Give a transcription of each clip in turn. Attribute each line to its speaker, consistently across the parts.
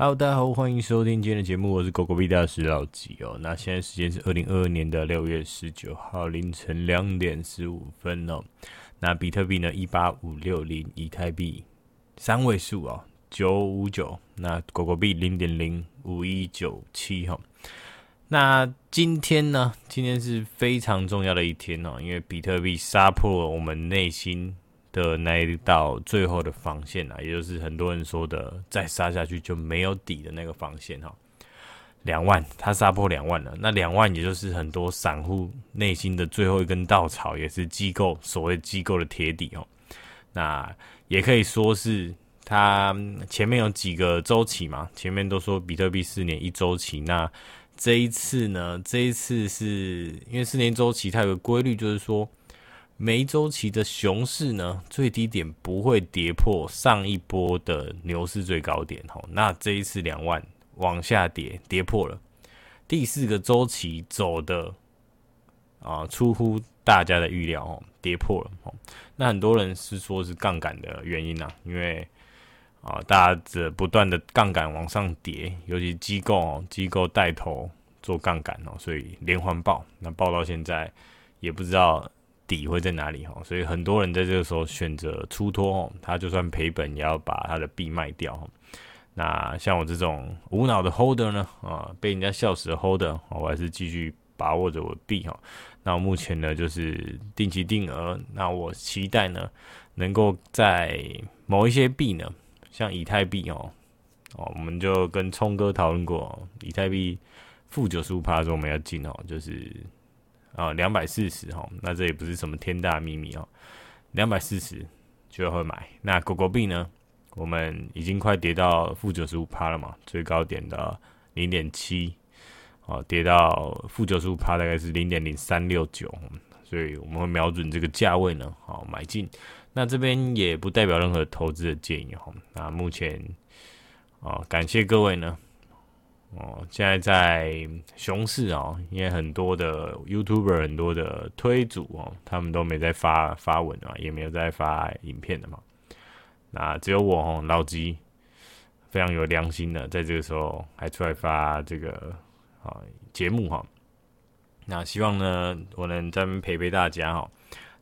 Speaker 1: Hello，大家好，歡迎收聽今天的節目，我是狗狗幣大師老吉哦。那現在時間是二零二二年的六月十九號凌晨兩點十五分哦。那比特幣呢，一八五六零以太幣，三位數哦，九五九。那狗狗幣零點零五一九七哈。那今天呢，今天是非常重要的一天哦，因為比特幣殺破了我們內心的那一道最後的防線啊，也就是很多人說的再殺下去就沒有底的那個防線哈、喔。兩萬，他殺破兩萬了。那兩萬，也就是很多散戶內心的最後一根稻草，也是機構所謂機構的鐵底哦、喔。那也可以說是他前面有幾個週期嘛？前面都說比特幣四年一週期，那這一次呢？這一次是因為四年週期它有個規律就是說。每週期的熊市呢，最低點不會跌破上一波的牛市最高點。那這一次兩萬往下跌，跌破了。第四個周期走的啊，出乎大家的預料哦，跌破了。那很多人是說是槓桿的原因啊，因為啊，大家這不斷的槓桿往上疊，尤其機構哦，機構帶頭做槓桿哦，所以連環爆，那爆到現在也不知道。底會在哪裡哈？所以很多人在這個時候選擇出脫哦，他就算賠本也要把他的幣賣掉。那像我這種無腦的 holder 呢，啊，被人家笑死的 holder，我還是繼續把握着我的幣哈。那我目前呢，就是定期定額。那我期待呢，能夠在某一些幣呢，像以太幣哦，哦，我們就跟聰哥討論過，以太幣負九十五趴的時候我們要進哦，就是。啊，兩百四十哈，那這也不是什麼天大秘密哦。兩百四十就會買。那狗狗幣呢？我們已經快跌到負九十五趴了嘛，最高點的零點七，哦，跌到負九十五趴大概是零點零三六九。所以，我們會瞄準這個價位呢，好、哦、買進。那這邊也不代表任何投資的建議哈、哦。那目前，啊、哦，感謝各位呢。哦，現在在熊市啊、哦，因為很多的 YouTuber、很多的推主啊、哦，他們都沒在發發文啊，也沒有在發影片的嘛。那只有我哦，老吉，非常有良心的，在這個時候還出來發這個節目哈、哦。那希望呢，我能再陪陪大家哈、哦。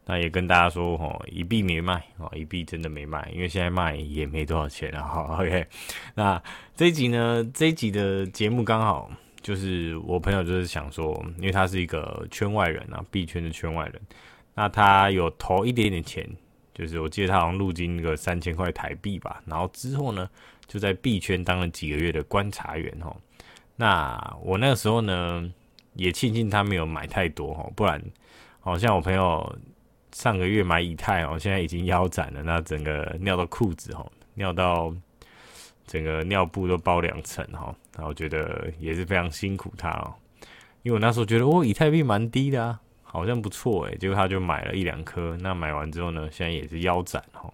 Speaker 1: 那也跟大家說哦，一幣沒賣哦，一幣真的沒賣，因為現在賣也沒多少錢然後，OK，那這一集呢，這一集的節目剛好就是我朋友就是想說，因為他是一個圈外人啊，幣圈的圈外人，那他有投一點點錢，就是我記得他好像入金個三千塊台幣吧，然後之後呢，就在幣圈當了幾個月的觀察員哦。那我那個時候呢，也慶幸他沒有買太多哦，不然好像我朋友。上個月買以太哦，現在已經腰斬了，那整個尿到褲子哦，尿到整個尿布都包兩層哈，那我覺得也是非常辛苦他哦，因為我那時候覺得哦，以太幣蠻低的啊，好像不錯誒、欸。結果他就買了一兩顆，那買完之後呢，現在也是腰斬哈，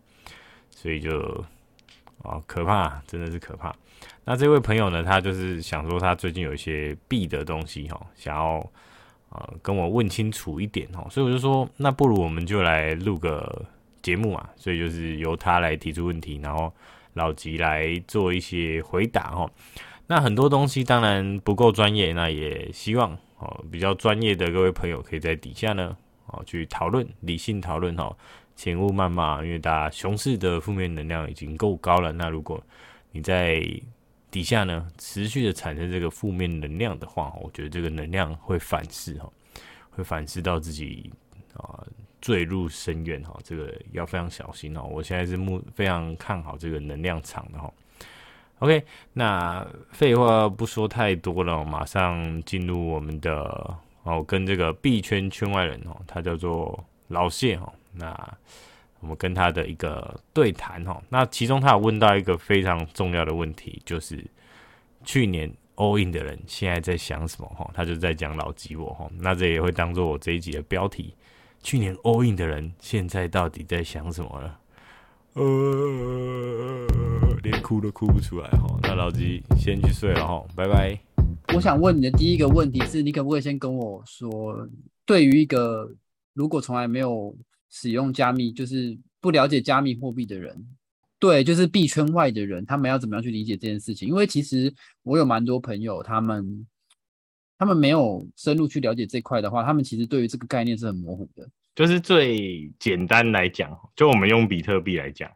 Speaker 1: 所以就哦，可怕，真的是可怕。那這位朋友呢，他就是想說他最近有一些幣的東西哈，想要。呃，跟我問清楚一點哦，所以我就說，那不如我們就來錄個節目嘛，啊，所以就是由他來提出問題，然後老吉來做一些回答哈。那很多東西當然不夠專業，那也希望哦比較專業的各位朋友可以在底下呢哦去討論，理性討論哈，請勿謾罵，因為大家熊市的負面能量已經夠高了。那如果你在底下呢，持續的產生這個負面能量的話，我覺得這個能量會反噬哈，會反噬到自己啊、呃，墜入深淵哈，這個要非常小心哦。我現在是目非常看好這個能量場的哈。OK，那廢話不說太多了，馬上進入我們的哦，跟這個幣圈圈外人哦，他叫做老蟹哦，那。我們跟他的一個對談哈，那其中他有問到一個非常重要的問題，就是去年 all in 的人現在在想什麼哈？他就在講老吉我哈，那這也會當做我這一集的標題：去年 all in 的人現在到底在想什麼了？
Speaker 2: 呃，
Speaker 1: 連哭都哭不出來哈。那老吉先去睡了哈，拜拜。
Speaker 2: 我想問你的第一個問題是，你可不可以先跟我說，對於一個如果從來沒有使用加密就是不了解加密貨幣的人，對，就是幣圈外的人，他們要怎麼樣去理解這件事情？因為其實我有蠻多朋友，他們他們沒有深入去了解這塊的話，他們其實對於這個概念是很模糊的。
Speaker 1: 就是最簡單來講，就我們用比特幣來講，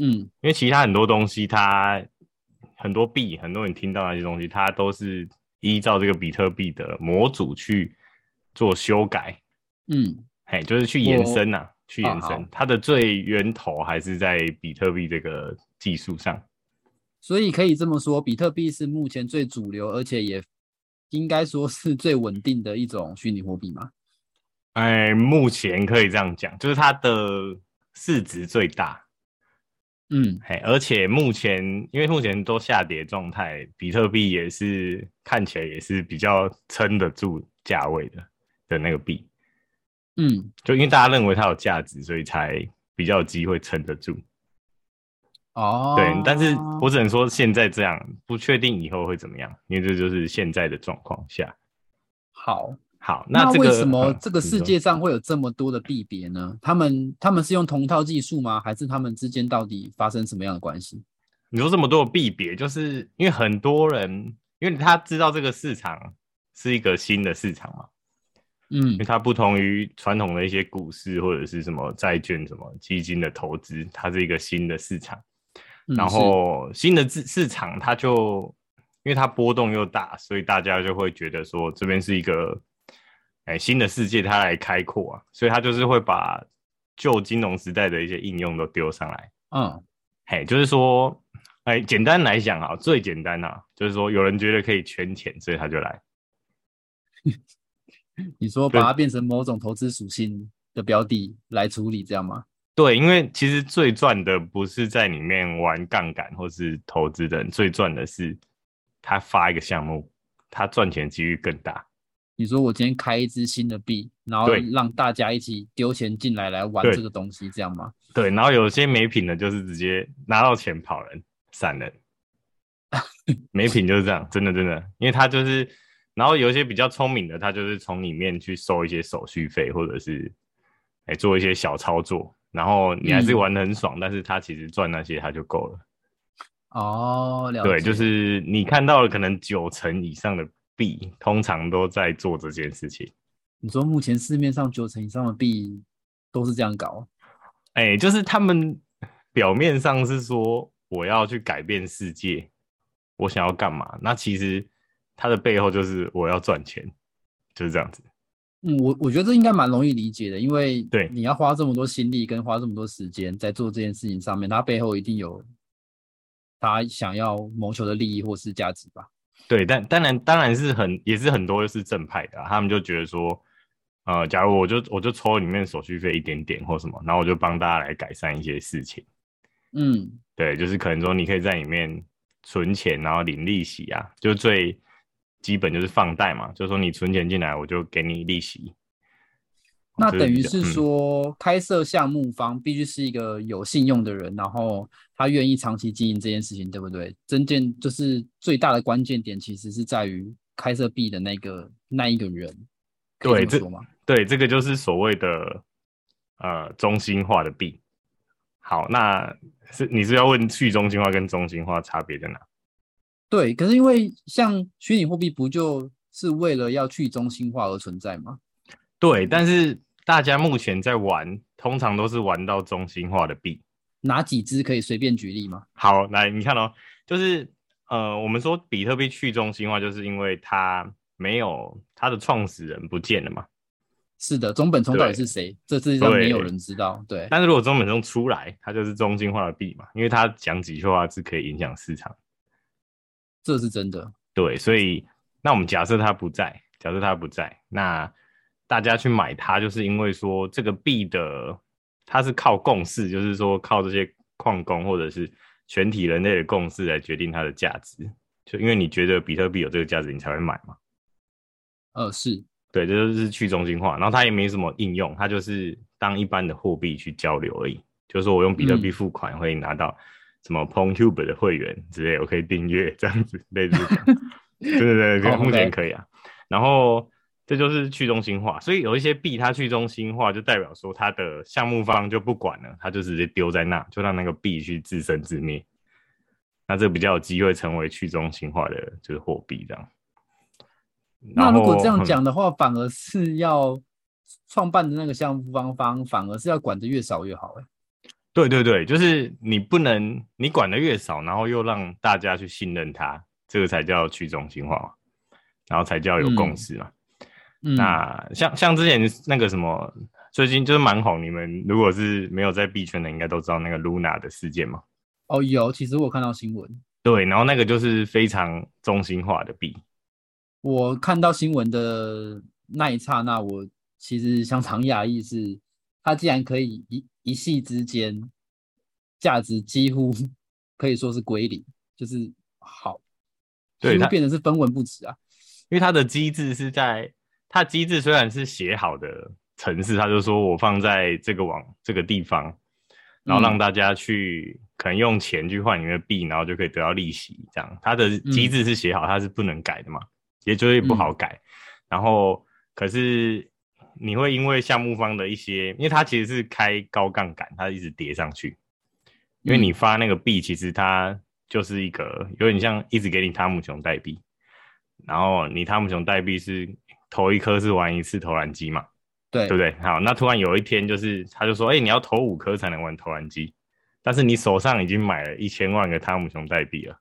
Speaker 1: 嗯，因為其他很多東西它，它很多幣，很多人聽到那些東西，它都是依照這個比特幣的模組去做修改，嗯。哎，就是去延伸吶、啊，我去延伸，哦、它的最源頭還是在比特幣這個技術上。
Speaker 2: 所以可以這麼說，比特幣是目前最主流，而且也應該說是
Speaker 1: 最穩定的一種虛擬貨幣嘛。哎、欸，目前可以這樣講，就是它的市值最大。
Speaker 3: 嗯，
Speaker 1: 哎，而且目前因為目前都下跌狀態，比特幣也是看起來也是比較撐得住價位的的那個幣。嗯，就因為大家認為它有價值，所以才比較有機會撐得住。
Speaker 3: 哦，對，但是我只能
Speaker 1: 說現在這樣，不確定以後會怎麼樣，因為這就是現在的狀況下。好，好，那這個，那為什麼這個世界
Speaker 2: 上會有這麼多的幣別呢？嗯、他們他們是用同一套技術嗎？還是他們之間到底發生什麼樣的關係？你說這麼
Speaker 1: 多的幣別，就是因為很多人，因為他知道這個市場是一個新的市場嘛。嗯，因為它不同於傳統的一些股市或者是什麼債券、什麼基金的投資，它是一個新的市場。嗯，然後新的市市場，它就因為它波動又大，所以大家就會覺得說，這邊是一個哎新的世界，它來開闊啊，所以它就是會把舊金融時代的一些應用都丟上來。嗯，嘿，就是說，哎，簡單來講啊，最簡單啊，就是說有人覺得可以圈錢，所以他就來。
Speaker 2: 你說把它變成某種投資屬性的標的來處理，這樣嗎？
Speaker 1: 對，因為其實最賺的不是在裡面玩槓桿或是投資人，最賺的是他發一個項目，他賺錢幾率更大。
Speaker 2: 你說我今天開一支新的
Speaker 1: 幣，然後讓大家一起丟錢進來來玩這個東西，這樣嗎？對，對，然後有些沒品的，就是直接拿到錢跑人散人， 沒品就是這樣，真的真的，因為他就是。然後有一些比較聰明的，他就是從裡面去收一些手續費，或者是、欸、做一些小操作。然後你還是玩得很爽，嗯、但是他其實賺那些他就夠了。
Speaker 2: 哦，了解。對，就是
Speaker 1: 你看到了，可能九成以上的幣，通常都在做這件事情。
Speaker 2: 你說目前市面上九成以上的幣都是這樣搞？
Speaker 1: 哎、欸，就是他們表面上是說我要去改變世界，我想要幹嘛？那其實。它的背後就是我要賺錢，就是這樣子。
Speaker 2: 嗯，我我覺得這應該蠻容易理解的，因為對，你要花這麼多心力跟花這麼多時間在做這件事情上面，它背後一定有他
Speaker 1: 想要謀求的利益或是價值吧？對，但當然當然是很也是很多是正派的啊，他們就覺得說，呃，假如我就我就抽裡面手續費一點點或什麼，然後我就幫大家來改善一些事情。嗯，對，就是可能說你可以在裡面存錢然後領利息啊，就最。基本就是放貸嘛，就是說你存錢進來，我就給你利息。那等於是說，
Speaker 2: 開設項目方必須是一個有信用的人，然後他願意長期經營這件事情，對不對？真正就是最大的關鍵點，其實是在於開設幣的那個那一個人。
Speaker 1: 對，這，對，這個就是所謂的呃中心化的幣。好，那是你是要問去中心化跟中心化差別在哪？
Speaker 2: 對，可是因為像虛擬貨幣，不就是為了要去中心化而存在嗎？
Speaker 1: 對，但是大家目前在玩，通常都是玩到中心化的幣。哪幾支可以隨便舉例嗎？好，來，你看哦，就是呃，我們說比特幣去中心化，就是因為它沒有它的創始人不見了嘛。
Speaker 2: 是的，中本聰到底是誰？對這世界上沒有人
Speaker 1: 知道。對，對對，但是如果中本聰出來，他就是中心化的幣嘛，因為他講幾句話是可以影響市場。這是真的，對，所以那我們假設它不在，假設它不在，那大家去買它，就是因為說這個幣的它是靠共識，就是說靠這些礦工或者是全體人類的共識來決定它的價值，就因為你覺得比特幣有這個價值，你才會買嘛。呃、哦，是對，這就是去中心化，然後它也沒什麼應用，它就是當一般的貨幣去交流而已，就是說我用比特幣付款會拿到、嗯。什麼 PonTube 的會員之類，我可以訂閱這樣子類似， 對對對，Okay. 這樣目前可以啊。然後這就是去中心化，所以有一些幣它去中心化，就代表說它的項目方就不管了，他就直接丟在那，就讓那個幣去自生自滅。那這比較有機會成為去中心化的就是貨幣這樣。那如果這樣講
Speaker 2: 的話，哼反而是要創辦的那個項目方方，反而是要管得
Speaker 1: 越少越好欸。對對對，就是你不能，你管的越少，然後又讓大家去信任他，這個才叫去中心化嘛，然後才叫有共識嘛。嗯、那像像之前那個什麼，最近就是蠻紅，你們如果是沒有在幣圈的，應該都知道那個 Luna 的事件嘛？
Speaker 2: 哦，有，其實我有看到新聞。
Speaker 1: 對，然後那個就是非常中心化的幣。
Speaker 2: 我看到新聞的那一剎那，我其實非常訝異是。它既然可以一一息之間，價值幾乎可以說是歸零，
Speaker 1: 就是好，所以它變得是分文不值啊。因為它的機制是在，它機制雖然是寫好的程式，他就說我放在這個網這個地方，然後讓大家去、嗯、可能用錢去換你的幣，然後就可以得到利息。這樣，它的機制是寫好，它、嗯、是不能改的嘛，也絕對不好改。嗯、然後可是。你會因為項目方的一些，因為它其實是開高槓桿，它一直跌上去。因為你發那個幣，嗯、其實它就是一個有點像一直給你湯姆熊代幣，然後你湯姆熊代幣是投一顆是玩一次投籃機嘛？對，對不對？好，那突然有一天就是他就說，哎、欸，你要投五顆才能玩投籃機，但是你手上已經買了一千萬個湯姆熊代幣
Speaker 3: 了，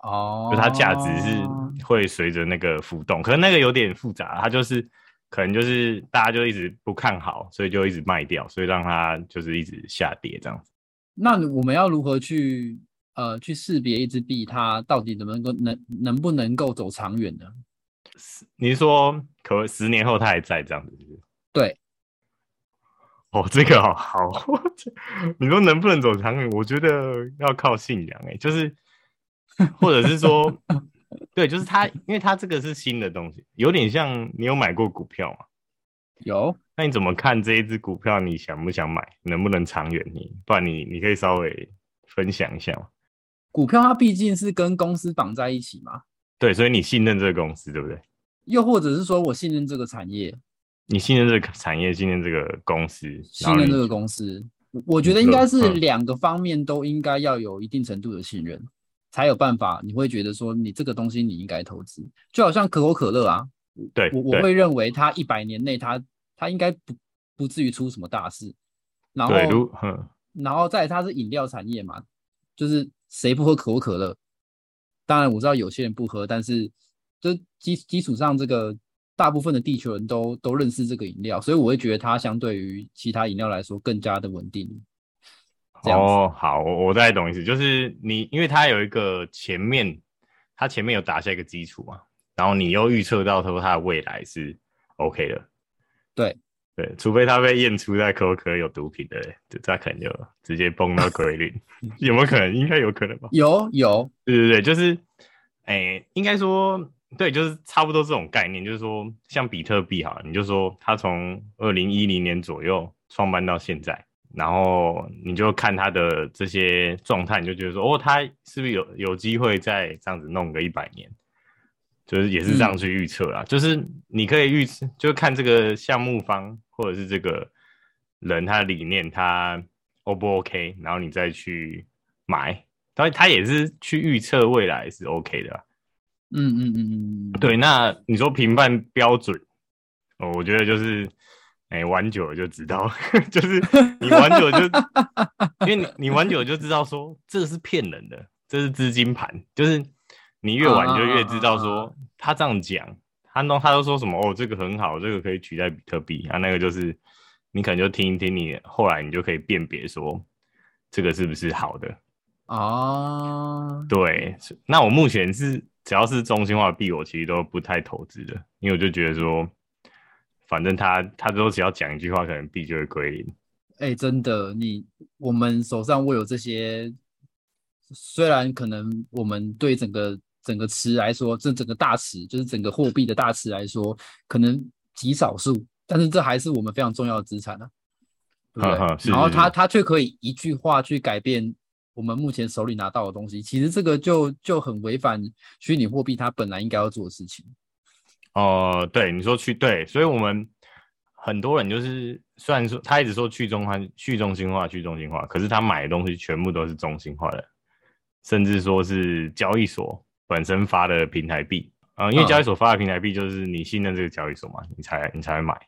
Speaker 3: 哦，就它價值是
Speaker 1: 會隨着那個浮動，可是那個有點複雜，它就是。可能就是大家就一直不看好，所以就一直賣掉，所以讓它就是一直下跌這樣子。
Speaker 2: 那我們要如何去呃去識別一支幣，它到底能不能夠能能不能夠走長遠呢？你
Speaker 1: 是說可十年後它還在這樣子是不是？對。哦，這個好好， 你說能不能走長遠？我覺得要靠信仰哎、欸，就是或者是說。 對，就是它，因為它這個是新的東西，有點像，你有買過股票嗎？有，那你怎麼看這一隻股票？你想不想買？能不能長遠你？你不然你你可以稍微分享一下嗎？
Speaker 2: 股票它畢竟是跟公司綁在一起嘛，
Speaker 1: 對，所以你信任這個公司，對不對？
Speaker 2: 又或者是說我信任這個產業？
Speaker 1: 你信任這個產業，信任這個公司，信任這個公司，
Speaker 2: 我覺得應該是兩個方面都應該要有一定程度的信任。嗯才有辦法，你會覺得說你這個東西你應該投資，就好像可口可樂啊，對，我我會認為它一百年內它它應該不不至於出什麼大事，然後，對，然後再它是飲料產業嘛，就是誰不喝可口可樂？當然我知道有些人不喝，但是這基基礎上這個大部分的地球人都都認識這個飲料，所以我會覺得它相對於其他飲料來說
Speaker 1: 更加的穩定。哦，好，我我再懂意思，就是你，因為它有一個前面，它前面有打下一個基礎嘛，然後你又預測到說它的未來是 OK 的，對對，除非他被驗出在可不可有毒品的，這他可能就直接崩到歸零， 有沒 有可能？應該有可能吧？有有，對對對，就是，哎、欸，應該說對，就是差不多這種概念，就是說，像比特幣哈，你就說他從二零一零年左右創辦到現在。然後你就看他的這些狀態，你就覺得說，哦，他是不是有有機會再這樣子弄個一百年？就是也是這樣去預測啦，嗯、就是你可以預測，就看這個項目方或者是這個人他的理念，他 O 不 OK，然後你再去買，當然他也是去預測未來是 OK 的啊。嗯嗯嗯嗯，對，那你說評判標準，哦，我覺得就是。哎、欸，玩久了就知道，呵呵就是你玩久了就， 因為你你玩久了就知道說，這個是騙人的，這是資金盤，就是你越玩你就越知道說，uh、他這樣講，他都他都說什麼哦，這個很好，這個可以取代比特幣啊，那個就是，你可能就聽一聽你，你後來你就可以辨別說，這個是不是好的
Speaker 3: 哦？Uh、
Speaker 1: 對，那我目前是只要是中心化的幣，我其實都不太投資的，因為我就覺得說。反正他他都只要講一句話，可能幣就會歸零。哎、
Speaker 2: 欸，真的，你我們手上握有這些，雖然可能我們對整個整個池來說，這整個大池，就是整個貨幣的大池來說，可能極少數，但是這還是我們非常重要的資產呢。然後他他卻可以一句話去改變我們目前手裡拿到的東西，其實這個就就很違反虛擬貨幣它本來應該要做的事情。哦、
Speaker 1: 呃，對，你說去、對，所以我們很多人就是，雖然說他一直說去中化、去中心化、去中心化，可是他買的東西全部都是中心化的，甚至說是交易所本身發的平台幣啊、呃，因為交易所發的平台幣就是你信任這個交易所嘛，你才你才會買。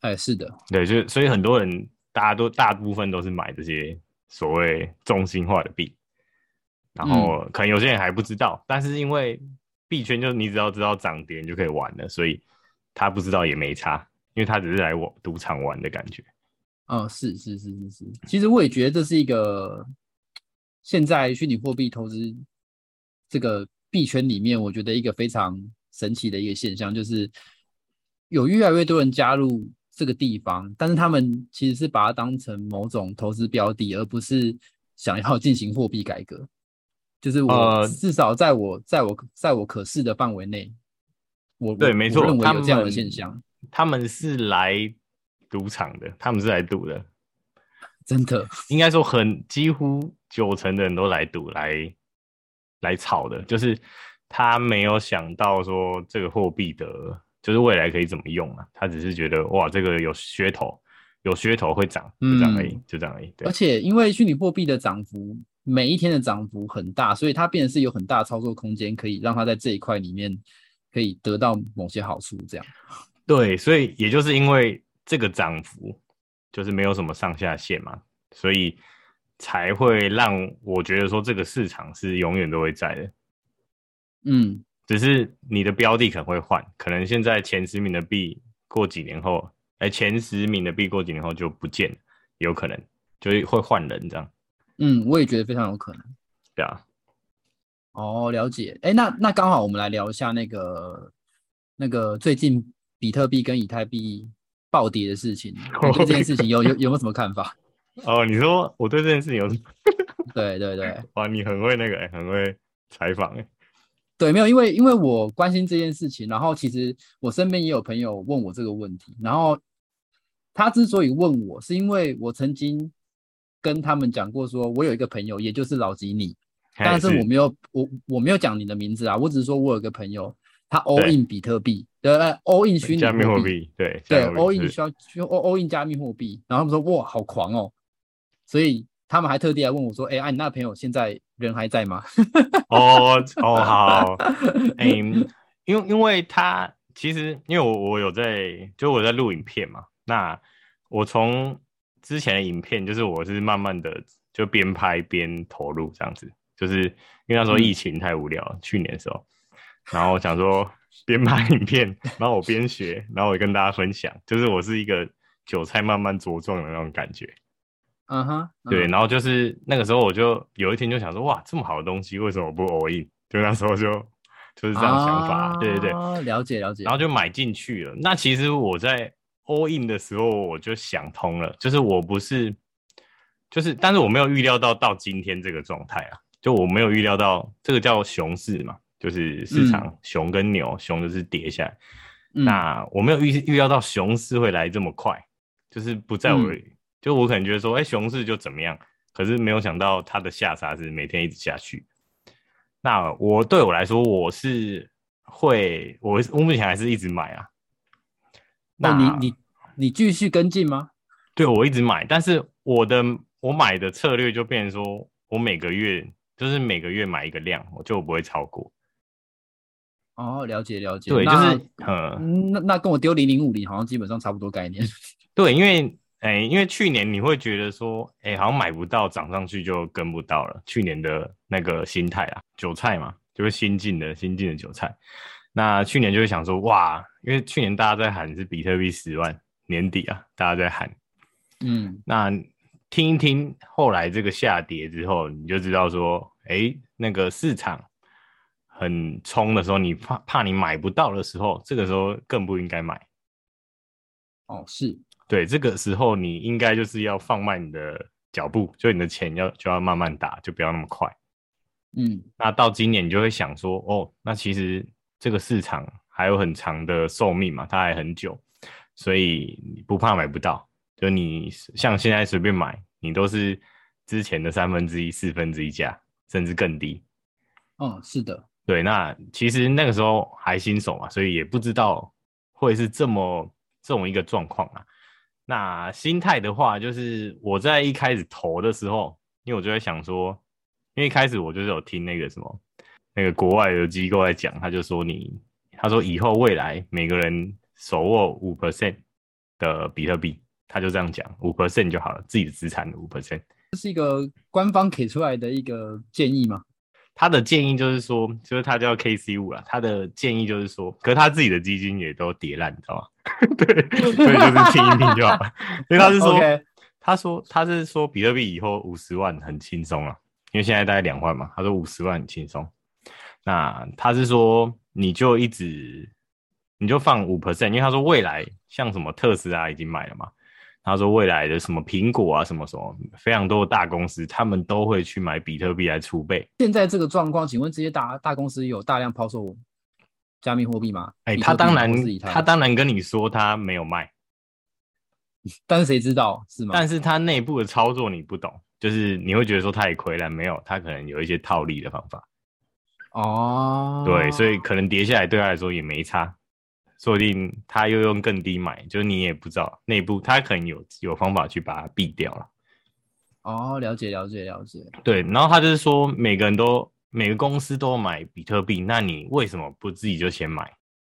Speaker 2: 哎，是的，
Speaker 1: 對，就所以很多人大家都大部分都是買這些所謂中心化的幣，然後可能有些人還不知道，嗯、但是因為。幣圈就你只要知道漲跌就可以玩了，所以他不知道也沒差，因為他只是來我賭場玩的感覺。
Speaker 2: 哦、嗯，是是是是是，其實我也覺得這是一個現在虛擬貨幣投資這個幣圈裡面，我覺得一個非常神奇的一個現象，就是有越來越多人加入這個地方，但是他們其實是把它當成某種投資標的，而不是想要進行貨幣改革。就是我，至少在我、呃、在我在我可視的範圍內，我對沒錯，他們這樣的現
Speaker 1: 象他們。他們是來賭場的，他們是來賭的，真的。應該說很，很幾乎九成的人都來賭，來來炒的。就是他沒有想到說這個貨幣的，就是未來可以怎麼用啊？他只是覺得哇，這個有噱頭，有噱頭會漲，就這樣而已，嗯、就這樣而已。對而
Speaker 2: 且，因為虛擬貨幣的漲幅。每一天的漲幅很大，所以它變得是有很大操作空間，可以讓它在這一塊裡面可以得到某些好處
Speaker 1: 這樣。對，所以也就是因為這個漲幅就是沒有什麼上下限嘛，所以才會讓我覺得說這個市場是永遠都會在的。
Speaker 3: 嗯，
Speaker 1: 只是你的標的可能會換，可能現在前十名的幣，過幾年後，欸，前十名的幣過幾年後就不見了，有可能就是會換人這樣。嗯，我也覺得非常有可能。對
Speaker 2: 啊。哦，了解。哎、欸，那那剛好，我們來聊一下那個那個最近比特幣跟以太幣暴跌的事情。這件事情有 有有沒有什麼看法？
Speaker 1: 哦，你說我對這件事情有什麼。 對對對。哇，你很會那個哎、欸，很會採訪哎。
Speaker 2: 對，沒有，因為因為我關心這件事情，然後其實我身邊也有朋友問我這個問題，然後他之所以問我，是因為我曾經。跟他們講過，說我有一個朋友，也就是老吉你，是但是我沒有我我沒有講你的名字啊，我只是說我有一個朋友，他 all in 比特幣的對、uh, all in 虛擬貨幣，對對，對 all in 需要 all all in 加密貨幣，然後他們說哇好狂哦、喔，所以他們還特地來問我說，哎、欸、哎、啊、你那朋友現在人還在嗎？
Speaker 1: 哦哦，好，因因因為他其實，因為我有我有在就我在錄影片嘛，那我從。之前的影片就是我是慢慢的就邊拍邊投入這樣子，就是因為那時候疫情太無聊，嗯、去年的時候，然後我想說邊拍影片， 然後我邊學，然後我跟大家分享，就是我是一個韭菜慢慢茁壯的那種感覺，嗯哼、uh，huh,
Speaker 2: uh huh.
Speaker 1: 對，然後就是那個時候我就有一天就想說，哇，這麼好的東西為什麼我不 all in？就那時候就就是這樣想法，oh, 對對對，了解了解，了解然後就買進去了。那其實我在。All in 的時候，我就想通了，就是我不是，就是，但是我沒有預料到到今天這個狀態啊，就我沒有預料到這個叫熊市嘛，就是市場熊跟牛，嗯、熊就是跌下來，嗯、那我沒有預預料到熊市會來這麼快，就是不在我，嗯、就我可能覺得說，哎、欸，熊市就怎麼樣，可是沒有想到它的下殺是每天一直下去，那我對我來說，我是會，我我目前還是一直買啊。那、oh, 你你你繼續跟進嗎？對我一直買，但是我的我買的策略就變成說，我每個月就是每個月買一個量，我就不會超過。
Speaker 2: 哦、oh，了解了解。對，就是
Speaker 1: 那、嗯、
Speaker 2: 那，那跟我丟零零五零好像基本上差不多概念。
Speaker 1: 對，因為哎、欸，因為去年你會覺得說，哎、欸，好像買不到漲上去就跟不到了，去年的那個心態啊，韭菜嘛，就是新進的，新進的韭菜。那去年就會想說，哇。因為去年大家在喊是比特幣十萬年底啊，大家在喊，嗯，那聽一聽後來這個下跌之後，你就知道說，哎，那個市場很衝的時候，你怕怕你買不到的時候，這個時候更不應該買。哦，是對，這個時候你應該就是要放慢你的腳步，就你的錢要就要慢慢打，就不要那麼快。嗯，那到今年你就會想說，哦，那其實這個市場。還有很長的壽命嘛，它還很久，所以不怕買不到。就你像現在隨便買，你都是之前的三分之一、四分之一價，4, 甚至更低。嗯，是的，對。那其實那個時候還新手嘛，所以也不知道會是這麼這種一個狀況啊。那心態的話，就是我在一開始投的時候，因為我就在想說，因為一開始我就是有聽那個什麼那個國外的機構在講，他就說你。他說：“以後未來每個人手握五 percent 的比特幣，他就這樣講，五 percent 就好了，自己的資產五 percent。”
Speaker 2: 這是一個官方給出來的一個
Speaker 1: 建議嗎？他的建議就是說，就是他叫 KC 五了。他的建議就是說，可是他自己的基金也都跌爛，你知道嗎？ 對， 所以就是輕一點就好了。所以 他是說，Okay. 他說他是說比特幣以後五十萬很輕鬆啊，因為現在大概兩萬嘛。他說五十萬很輕鬆。那他是說。你就一直，你就放五 percent，因為他說未來像什麼特斯拉已經買了嘛，他說未來的什麼蘋果啊什麼什麼，非常多的大公司，他們都會去買比特幣來儲備。
Speaker 2: 現在這個狀況，請問這些大大公司有大量拋售加密貨幣嗎？哎、欸，他當然，他
Speaker 1: 當然跟你說他沒有賣，但是誰知道是嗎？但是他內部的操作你不懂，就是你會覺得說他也虧了，沒有，他可能有一些套利的方法。
Speaker 3: 哦，oh, 對，所
Speaker 1: 以可能跌下來對他來說也沒差，說不定他又用更低買，就是你也不知道內部他可能有有方法去把它避掉了。
Speaker 2: 哦，oh，了解了解了解。
Speaker 1: 對，然後他就是說，每個人都每個公司都買比特幣，那你為什麼不自己就先買？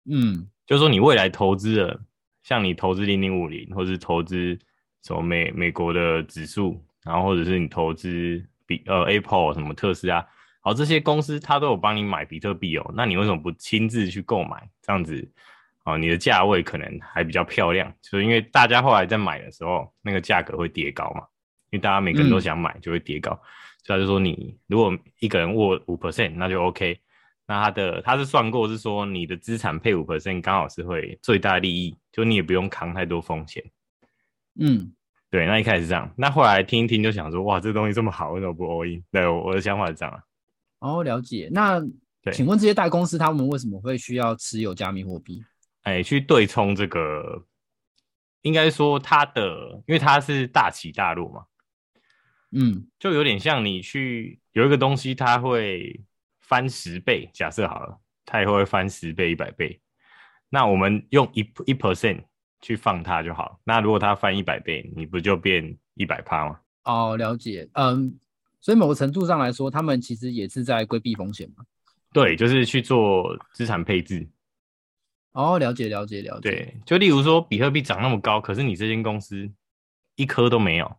Speaker 2: 嗯，
Speaker 1: 就說你未來投資的，像你投資零零五零，或是投資什麼美美國的指數，然後或者是你投資比呃 Apple 什麼特斯拉。好，這些公司它都有幫你買比特幣哦，那你為什麼不親自去購買？這樣子，哦，你的價位可能還比較漂亮，就因為大家後來在買的時候，那個價格會跌高嘛，因為大家每個人都想買，就會跌高。嗯、所以他就說，你如果一個人握五 percent，那就 OK。那他的他是算過，是說你的資產配五 percent，剛好是會最大利益，就你也不用扛太多風險。
Speaker 2: 嗯，
Speaker 1: 對，那一開始是這樣，那後來聽一聽就想說，哇，這東西這麼好，為什麼不 all in？對我，我的想法是這樣啊。哦，了解。那請問這些大公司他們為什麼會需要持有加密貨幣？哎、欸，去對沖這個，應該說它的，因為它是大起大落嘛。嗯，就有點像你去有一個東西，它會翻十倍，假設好了，它也會翻十倍、一百倍。那我們用一一 percent 去放它就好。那如果它翻一百倍，你不就變一百趴嗎？
Speaker 2: 哦，了解。嗯。所以某個程度上來說，他們其實也是在規避風
Speaker 1: 險嘛。對，就是去做資產配置。
Speaker 2: 哦，了解，了解，了解。
Speaker 1: 對，就例如說，比特幣漲那麼高，可是你這間公司一顆都沒有，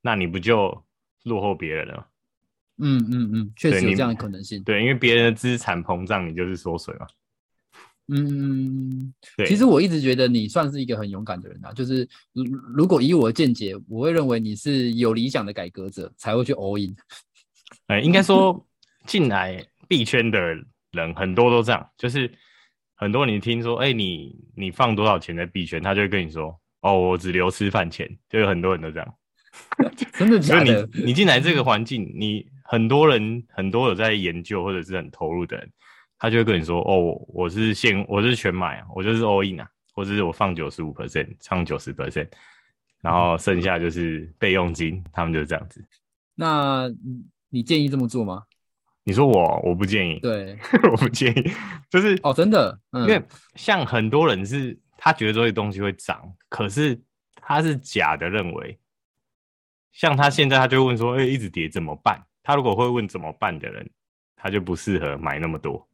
Speaker 1: 那你不就落後別人了？嗯嗯嗯，確實
Speaker 3: 有這樣
Speaker 1: 的可能性。對，因為別人的資產膨脹，也就是縮水嘛。
Speaker 2: 嗯，其實我一直覺得你算是一個很勇敢的人吶、啊。對就是如如果以我的見解，我會認為你是有理想的改革者
Speaker 1: 才會去 all in。哎、嗯，應該說進來幣圈的人很多都這樣，就是很多你聽說，哎、欸，你你放多少錢在幣圈，他就會跟你說，哦，我只留吃飯錢。就有很多人都這樣，
Speaker 3: 真的。假的， 所以
Speaker 1: 你進來這個環境，你很多人很多有在研究或者是很投入的人。他就會跟你說：“哦，我是現，我是全買，啊，我就是 all in 啊，或者是我放九十五 percent，放九十 percent，然後剩下就是備用金。嗯”他們就是這樣子。
Speaker 2: 那你建議這麼做嗎？
Speaker 1: 你說我，我不建議。對， 我不建議，就是哦，真的，嗯、因為像很多人是，他覺得這些東西會漲，可是他是假的認為。像他現在，他就會問說：“哎、欸，一直跌怎麼辦？”他如果會問怎麼辦的人，他就不適合買那麼多。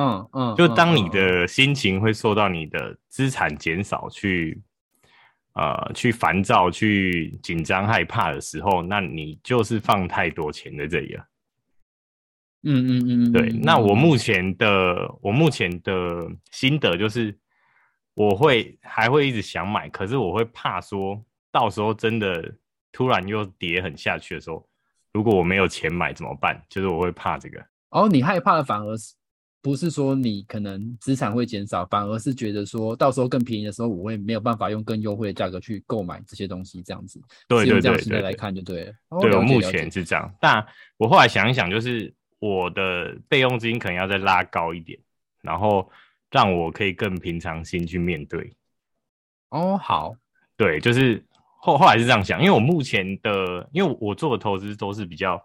Speaker 1: 嗯嗯，就當你的心情會受到你的資產減少去，呃，去煩躁、去緊張、害怕的時候，那你就是放太多錢在這裡了。嗯
Speaker 3: 嗯嗯，對。那我目
Speaker 1: 前的我目前的心得就是，我會還會一直想買，可是我會怕說，到時候真的突然又跌很下去的時候，如果我沒有錢買怎麼辦？就是我會怕這個。
Speaker 2: 哦，你害怕的反而是。不是說你可能資產會減少，反而是覺得說到時候更便宜的時候，我會沒有辦法用更優惠的價格去購買這些東西，這樣子。用這樣的心態來看
Speaker 1: 就對了。對，哦、了解，我目前是這樣，但我後來想一想，就是我的備用資金可能要再拉高一點，然後讓我可以更平常心去面對。哦，好，對，就是後後來是這樣想，因為我目前的，因為我做的投資都是比較。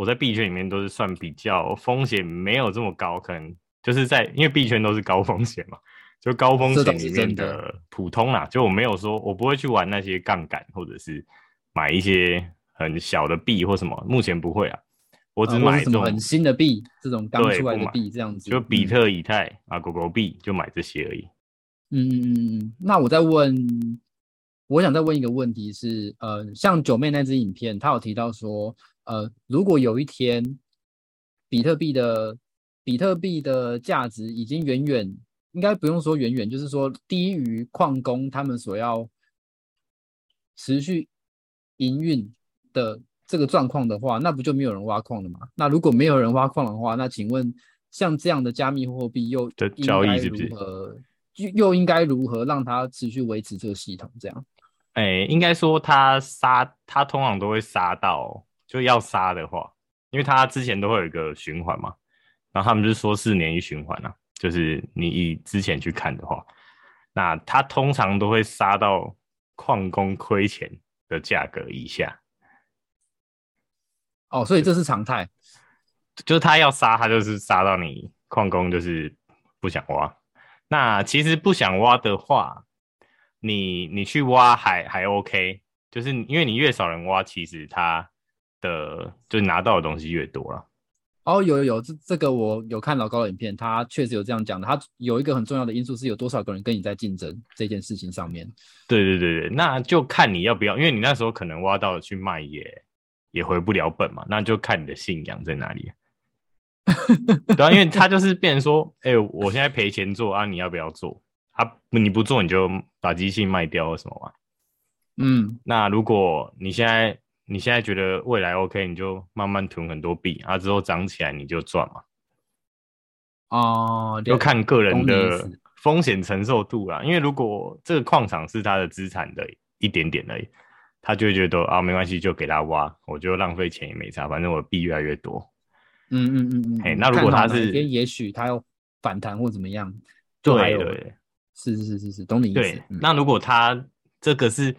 Speaker 1: 我在幣圈裡面都是算比較風險沒有這麼高，可能就是在因為幣圈都是高風險嘛，就高風險裡面的普通啦、啊，的就我沒有說我不會去玩那些槓桿或者是買一些很小的幣或什麼，目前不會啊，我只買這種、嗯、什麼很
Speaker 2: 新的幣，這種剛出來的幣這樣子，就比特、以
Speaker 1: 太、嗯、啊、狗狗幣就買這些而已。嗯
Speaker 2: 嗯，那我再問，我想再問一個問題是，呃，像九妹那支影片，他有提到說。呃，如果有一天，比特幣的比特幣的價值已經遠遠，應該不用說遠遠，就是說低於礦工他們所要持續營運的這個狀況的話，那不就沒有人挖礦了嗎？那如果沒有人挖礦的話，那請問像這樣的加密貨幣又的交易如何，是是又應該如何讓它持續維持這個系統？這樣，
Speaker 1: 哎，應該說他殺，他通常都會殺到。就要殺的話，因為他之前都會有一個循環嘛，然後他們就說四年一循環啊，就是你以之前去看的話，那他通常都會殺到礦工虧錢的價格以下。哦，所以這是常態，就是他要殺，他就是殺到你礦工就是不想挖。那其實不想挖的話，你你去挖還還 OK，就是因為你越少人挖，其實他。的就拿到的東西越多了。
Speaker 2: 哦，oh, 有有有，這這個我有看老高的影片，他確實有這樣講的。他有一個很重要的因素是有多少個人跟你在
Speaker 1: 競爭這件事情上面。對對對對，那就看你要不要，因為你那時候可能挖到去賣也也回不了本嘛，那就看你的信仰在哪裡。 對啊，因為他就是變成說，哎、 欸，我現在賠錢做啊，你要不要做？他，啊，你不做，你就把機器賣掉或什麼嘛、啊。嗯，那如果你現在。你現在覺得未來 OK，你就慢慢囤很多幣啊，之後漲起來你就賺嘛。哦，要看個人的風險承受度啊，因為如果這個礦場是他的資產的一點點而已，他就覺得啊、哦、沒關係，就給他挖，我就浪費錢也沒差，反正我幣越來越多。嗯
Speaker 2: 嗯嗯嗯，那如果他是，因為也許他要反彈或怎麼樣，對對，對對，
Speaker 1: 是是是是是，懂你意思。對，嗯、那如果他這個是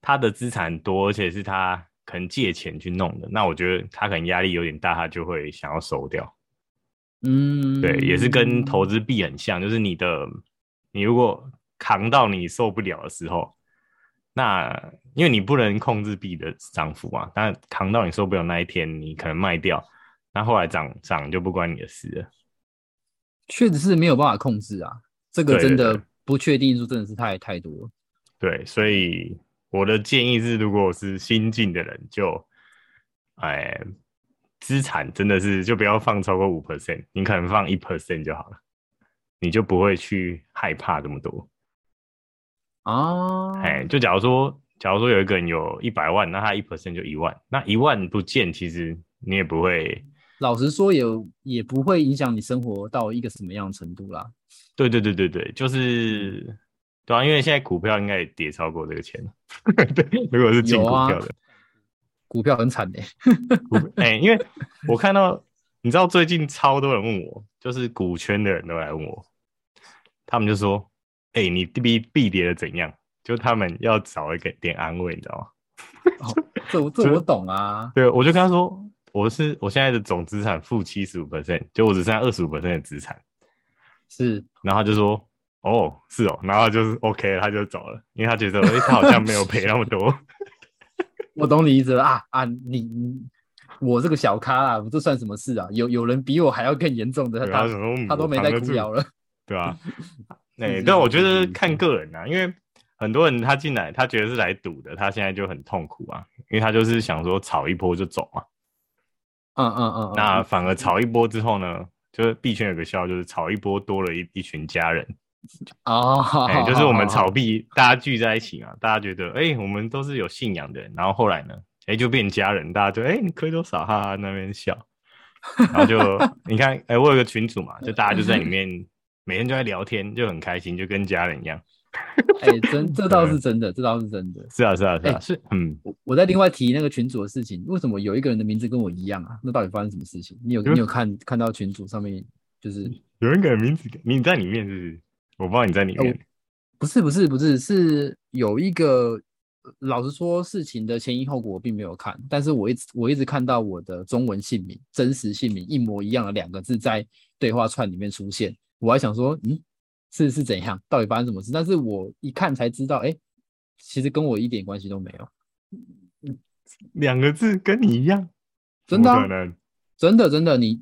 Speaker 1: 他的資產多，而且是他。可能借錢去弄的，那我覺得他可能壓力有點大，他就會想要收掉。
Speaker 3: 嗯，對，也是跟投資
Speaker 1: 幣很像，就是你的，你如果扛到你受不了的時候，那因為你不能控制幣的漲幅嘛、啊，但扛到你受不了那一天，你可能賣掉，那後來漲漲就不關你的事了。
Speaker 2: 確實是沒有辦法控制啊，這個真的不確定因素真的是太太多了。
Speaker 1: 對，所以。我的建議是，如果我是新進的人，就，哎，資產真的是就不要放超過五 percent，你可能放一 percent 就好了，你就不會去害怕這麼多。啊，哎，就假如說，假如說有一個人有一百萬，那他一 percent 就一萬，那一萬不見，其實你也不會。老實說也，有也
Speaker 2: 不會影響你生活到一個什麼樣程度啦。
Speaker 1: 對對對對對，就是。對啊，因為現在股票應該也跌超過這個錢了。對，如果是進股票的，啊、股票很慘的、欸。哎、 欸，因為我看到，你知道最近超多人問我，就是股圈的人都來問我，他們就說：“哎、欸，你 B B 跌的怎樣？”就他們要找一個點安慰，你知道嗎？哦、
Speaker 2: 這我這我懂啊。
Speaker 1: 對，我就跟他說：“我是我現在的總資產負七十五 percent，就我只剩下二十五 percent 的資產。”是。然後他就說。哦，oh, 是哦，然後就是 OK 了，他就走了，因為他覺得哎、欸，他好像沒有賠那麼多。
Speaker 2: 我懂你意思了啊啊，你我這個小咖啊，這算什麼事啊？有有人比我還
Speaker 1: 要更嚴重的，他 他，他都沒在哭了， 對啊。哎、欸， 但我覺得看個人啊，因為很多人他進來，他覺得是來賭的，他現在就很痛苦啊，因為他就是想說炒一波就走嘛、啊。嗯，嗯嗯嗯，那反而炒一波之後呢，就是幣圈有個笑，就是炒一波多了一一群家人。哦，就是我們草壁，大家聚在一起嘛，大家覺得哎，我們都是有信仰的人，然後後來呢，哎，就變家人，大家就哎，你虧多少，哈哈那邊笑，然後就你看，哎，我有個群組嘛，就大家就在裡面每天就在聊天，就很開心，就跟家人一樣。哎，真這倒是真的，這倒是真的，是啊，是啊，是啊，是嗯，我在另外提
Speaker 2: 那個群組的事情，為什麼有一個人的名字跟我一樣啊？那到底發生什麼事情？你有你有看看到群組上面就是有一個人名字名字在裡面是？我不知道你在裡面、呃，不是不是不是，是有一個老實說，事情的前因後果我並沒有看，但是我一直我一直看到我的中文姓名、真實姓名一模一樣的兩個字在對話串裡面出現，我還想說，嗯，是是怎樣，到底發生什麼事？但是我一看才知道，哎、欸，其實跟我一點關係都沒有，兩個字跟你一樣，真的，啊、真的，真的真的，
Speaker 3: 你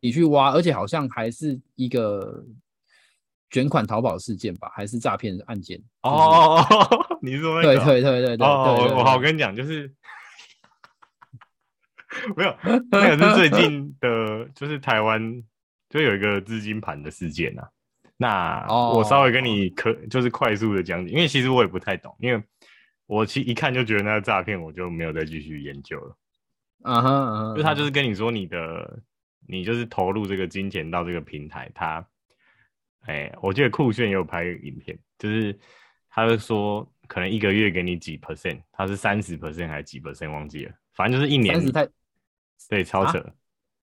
Speaker 2: 你去挖，而且好像還是一個。捲款逃跑事件吧，還是詐騙案件？哦，
Speaker 1: 嗯、你是說？對對對對對，我好跟你講，就是 沒有，那個 是最近的，就是台灣就有一個資金盤的事件吶、啊。那、哦、我稍微跟你可就是快速的講解，因為其實我也不太懂，因為我其實一看就覺得那個詐騙，我就沒有再繼續研究了。啊哈，啊哈，就他就是跟你說你的，你就是投入這個金錢到這個平台，他。哎、欸，我記得酷炫也有拍影片，就是他就說可能一個月給你幾 percent，他是三十 percent 還是幾 percent 忘記了，反正就是一年三十太，對，超扯，啊、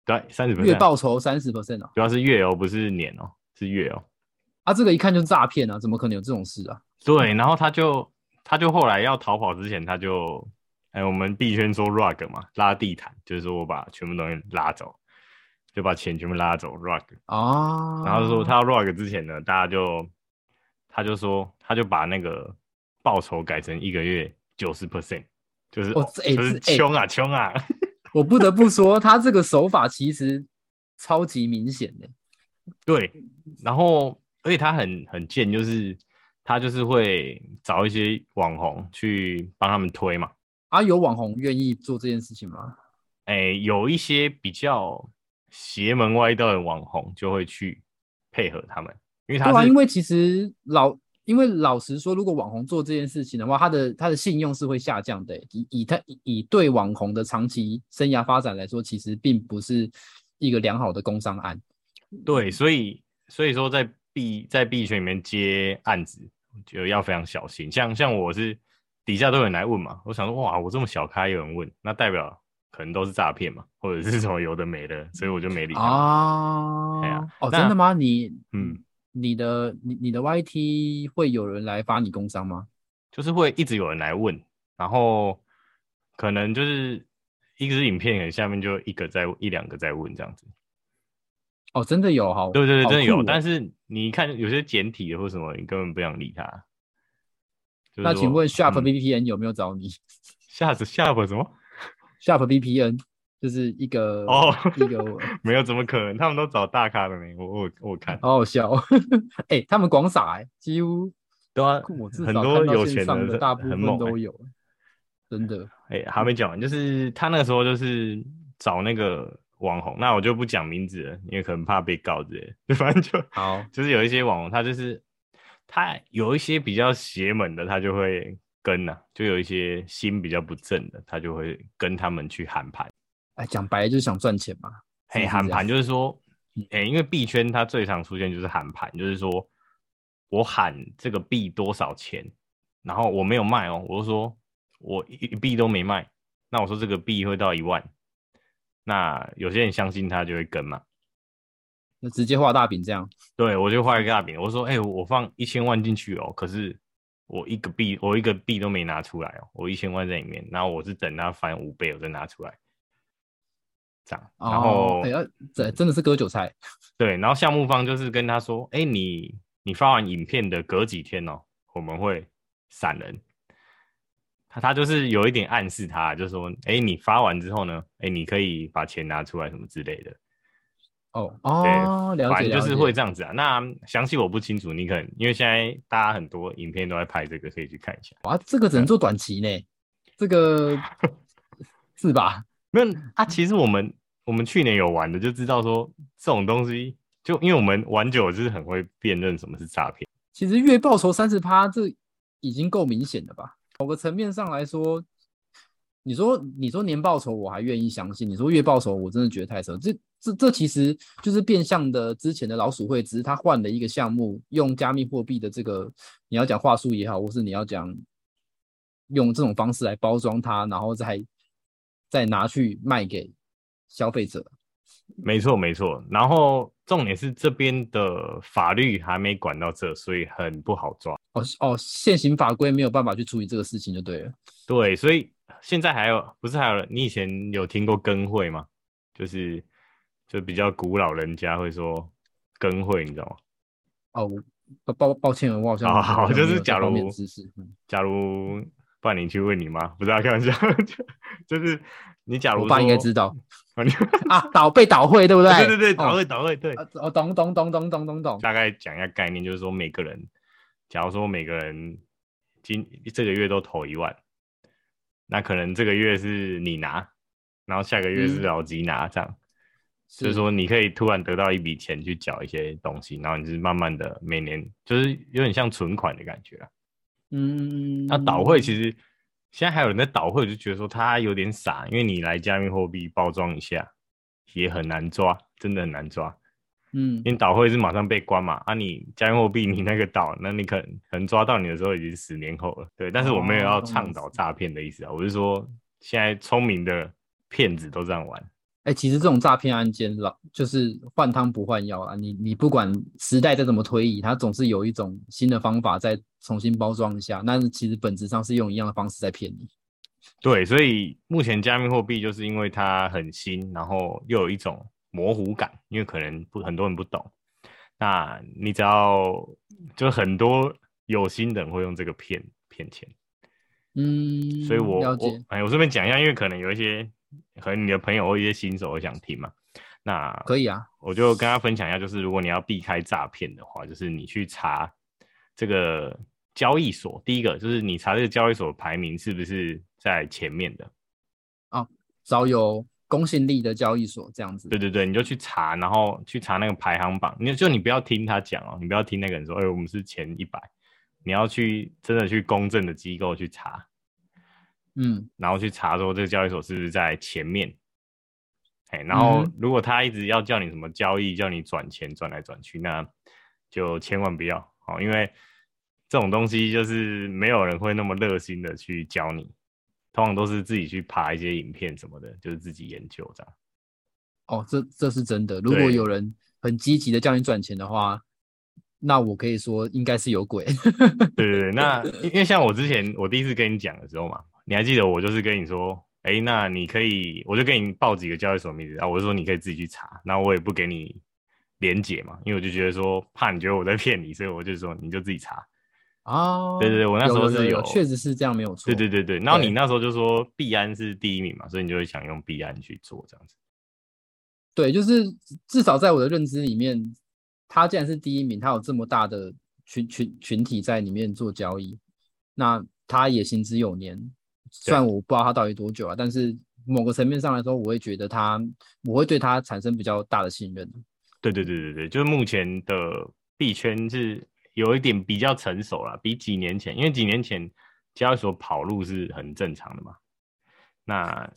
Speaker 1: 對，三十 percent。月報酬三十 percent 哦，喔、主要是月哦，不是年哦、喔，是月哦。
Speaker 2: 啊，這個一看就是詐騙啊，怎麼可能
Speaker 1: 有這種事啊？對，然後他就他就後來要逃跑之前，他就哎、欸，我們幣圈說 rug 嘛，拉地毯，就是我把全部東西拉走。就把錢全部拉走，rug 哦，Rock 啊，
Speaker 3: 然後說他
Speaker 1: 要 rug 之前呢，大家就，他就說，他就把那個報酬改成一個月九十 percent，就是、哦欸、就是窮啊窮啊，欸、
Speaker 2: 啊我不得不說， 他這個手法其實超級明顯的，
Speaker 1: 對，然後而且他很很賤，就是他就是會找一些網紅去幫他們推嘛，啊，有網紅願意做這件事情嗎？哎、欸，有一些比較，邪門歪道的網紅就會去配合他們，因為他對啊，因
Speaker 2: 為其實老，因為老實說，如果網紅做這件事情的話，他的他的信用是會下降的。以以他以對網紅的長期生涯發展來說，其實並不是一個良好的工
Speaker 1: 商案。對，所以所以說在 B 在 B 圈裡面接案子就要非常小心。像像我是底下都有人來問嘛，我想說哇，我這麼小開有人問，那代表，可能都是詐騙嘛，或者是什麼有的沒的，所以我就沒理他。啊
Speaker 2: 啊、哦，那真的嗎？你嗯你你，你的你你的 YT
Speaker 1: 會有人來發你工商嗎？就是會一直有人來問，然後可能就是一個是影片，可能下面就一個在一兩個在問這樣子。
Speaker 2: 哦，真的有哈？好對對對，哦、真的有。但是
Speaker 1: 你看有些簡體的或什麼，你根本不想理他。就是，那請問
Speaker 2: Sharp VPN、嗯、有沒有找你？下子 Sharp 什麼？ Sharp VPN 就是一個哦，oh, 一個 沒有，怎麼可能？他們都找大咖的名，我我我看，好好笑，哎、 欸，他們廣撒、欸、幾乎
Speaker 1: 都、對啊、很多有錢的大部分都有，
Speaker 2: 真的
Speaker 1: 哎、欸，還沒講完，就是他那個時候就是找那個網紅，嗯、那我就不講名字了，因為可能怕被告知，就反正就好，就是有一些網紅，他就是他有一些比較邪門的，他就會。跟呢、啊，就有一些心比較不正的，他就會跟他們去喊盤。哎、欸，講白了就是想賺錢嘛。嘿、欸，喊盤就是說，哎、嗯欸，因為幣圈它最常出現就是喊盤，就是說我喊這個幣多少錢，然後我沒有賣哦、喔，我就說我一幣都沒賣，那我說這個幣會到一萬，那有些人相信他就會跟嘛。那直接畫大餅這樣？對，我就畫一個大餅，我說哎、欸，我放一千萬進去哦、喔，可是。我一個幣，我一個幣都沒拿出來哦，我一千萬在裡面。然後我是等它翻五倍，我再拿出來，這樣。哦、然後對、哎，真的是割韭菜。嗯，對，然後項目方就是跟他說，哎，你你發完影片的隔幾天哦，我們會閃人。他他就是有一點暗示他，他就說，哎，你發完之後呢，哎，你可以把錢拿出來什麼之類的。哦、oh, 對哦，了解，就是會這樣子啊。解那詳細我不清楚，你可能因為現在大家很多影片都在拍這個，可以去看一下。哇，這個只能做短期呢？嗯、這個 是吧？沒有啊，其實我們、啊、我們去年有玩的，就知道說這種東西就，就因為我們玩久了，就是很會辨認什麼是詐騙。
Speaker 2: 其實月報酬三十趴，這已經夠明顯的吧？某個層面上來說，你說你說年報酬我還願意相信，你說月報酬我真的覺得太扯。這。這這其實就是變相的之前的老鼠會，只是他換了一個項目，用加密貨幣的這個你要講話術也好，或是你要講用這種方式來包裝它，然後再
Speaker 1: 再拿去賣給消費者。沒錯，沒錯。然後重點是這邊的法律還沒管到這，所以很不好抓。哦哦，現行法規沒有辦法去處理這個事情，就對了。對，所以現在還有不是還有你以前有聽過跟會嗎？就是。就比較古老人家會說“跟會”，你知道
Speaker 2: 嗎？哦，抱抱歉，我好像好像知、哦，就是假如
Speaker 1: 假如不然你去問你媽，不是、啊、開玩笑， 就是你假如我爸應該知道， 啊倒，被倒會，對不對？哦、對對對，倒會倒會對。哦，懂懂懂懂懂懂懂。大概講一下概念，就是說每個人，假如說每個人今這個月都投一萬，那可能這個月是你拿，然後下個月是老吉拿，這樣。是，就是說，你可以突然得到一筆錢去繳一些東西，然後你就是慢慢的每年，就是有點像存款的感覺。嗯。那倒、啊、會其實現在還有人在倒會，我就覺得說他有點傻，因為你來加密貨幣包裝一下，也很難抓，真的很難抓。嗯。因為倒會是馬上被關嘛，啊，你加密貨幣你那個倒，那你可能能抓到你的時候已經十年後了。對。但是我沒有要倡導詐騙的意思啊，是我是說現在聰明的騙子都這樣玩。哎、欸，其實這種詐騙案件老就是
Speaker 2: 換湯不換藥啊！你你不管時代再怎麼推移，它總是有一種新的方法再重新包裝一下。那其實本質上是用一樣的方式在騙你。
Speaker 1: 對，所以目前加密貨幣就是因為它很新，然後又有一種模糊感，因為可能不很多人不懂。那你只要就很多有心的人會用這個騙騙錢。
Speaker 3: 嗯，所以我，了解，我
Speaker 1: 哎我順便講一下，因為可能有一些。和你的朋友或一些新手我想聽嘛。那可以啊，我就跟他分享一下，就是如果你要避開詐騙的話，就是你去查這個交易所，第一個就是你查這個交易所的排名是不是在前面的，啊，找有公信力的交易所這樣子。對對對，你就去查，然後去查那個排行榜，你就你不要聽他講哦、喔，你不要聽那個人說，哎、欸，我們是前一百，你要去真的去公正的機構去查。嗯，然後去查說這個交易所是不是在前面，嘿，然後如果他一直要叫你什麼交易，嗯、叫你轉錢轉來轉去，那就千萬不要哦，因為這種東西就是沒有人會那麼熱心的去教你，通常都是自己去爬一些影片什麼的，就是自己研究這樣。
Speaker 2: 哦，這這是真的。如果有人很積極的叫你轉錢的話，對那我可以說應該是有鬼。對
Speaker 1: 對對，那因為像我之前我第一次跟你講的時候嘛。你還記得我就是跟你說，哎、欸，那你可以，我就給你報幾個交易所名字，然、啊、後我就說你可以自己去查，然後我也不給你連結嘛，因為我就覺得說怕你覺得我在騙你，所以我就說你就自己查。
Speaker 2: 哦、啊，對對對，我那時候是有，確實是這樣，沒有錯。對對
Speaker 1: 對對，然後你那時候就說幣安是第一名嘛，對所以你就會想用幣安去做這樣子。
Speaker 2: 對，就是至少在我的認知裡面，他既然是第一名，他有這麼大的群群群體在裡面做交易，那他也行之有年。算我不知道他到底多久啊，對但是某個層面上來說，我會覺得他，我會對他產生比較大的信任。
Speaker 1: 對對對對對，就是目前的幣圈是有一點比較成熟了，比幾年前，因為幾年前交易所跑路是很正常的嘛。那